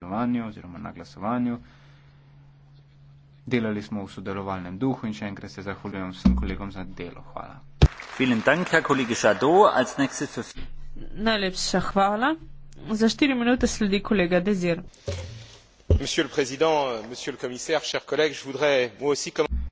glasovanju oziroma na glasovanju. Delali smo v sodelovalnem duhu in še enkrat se zahvaljujem vsem kolegom za delo. Hvala. Dank, Jadeau, Najlepša hvala. Za štiri minute sledi kolega Dezir. Monsieur le Président, Monsieur le Commissaire, chers collègues, je voudrais moi aussi commencer.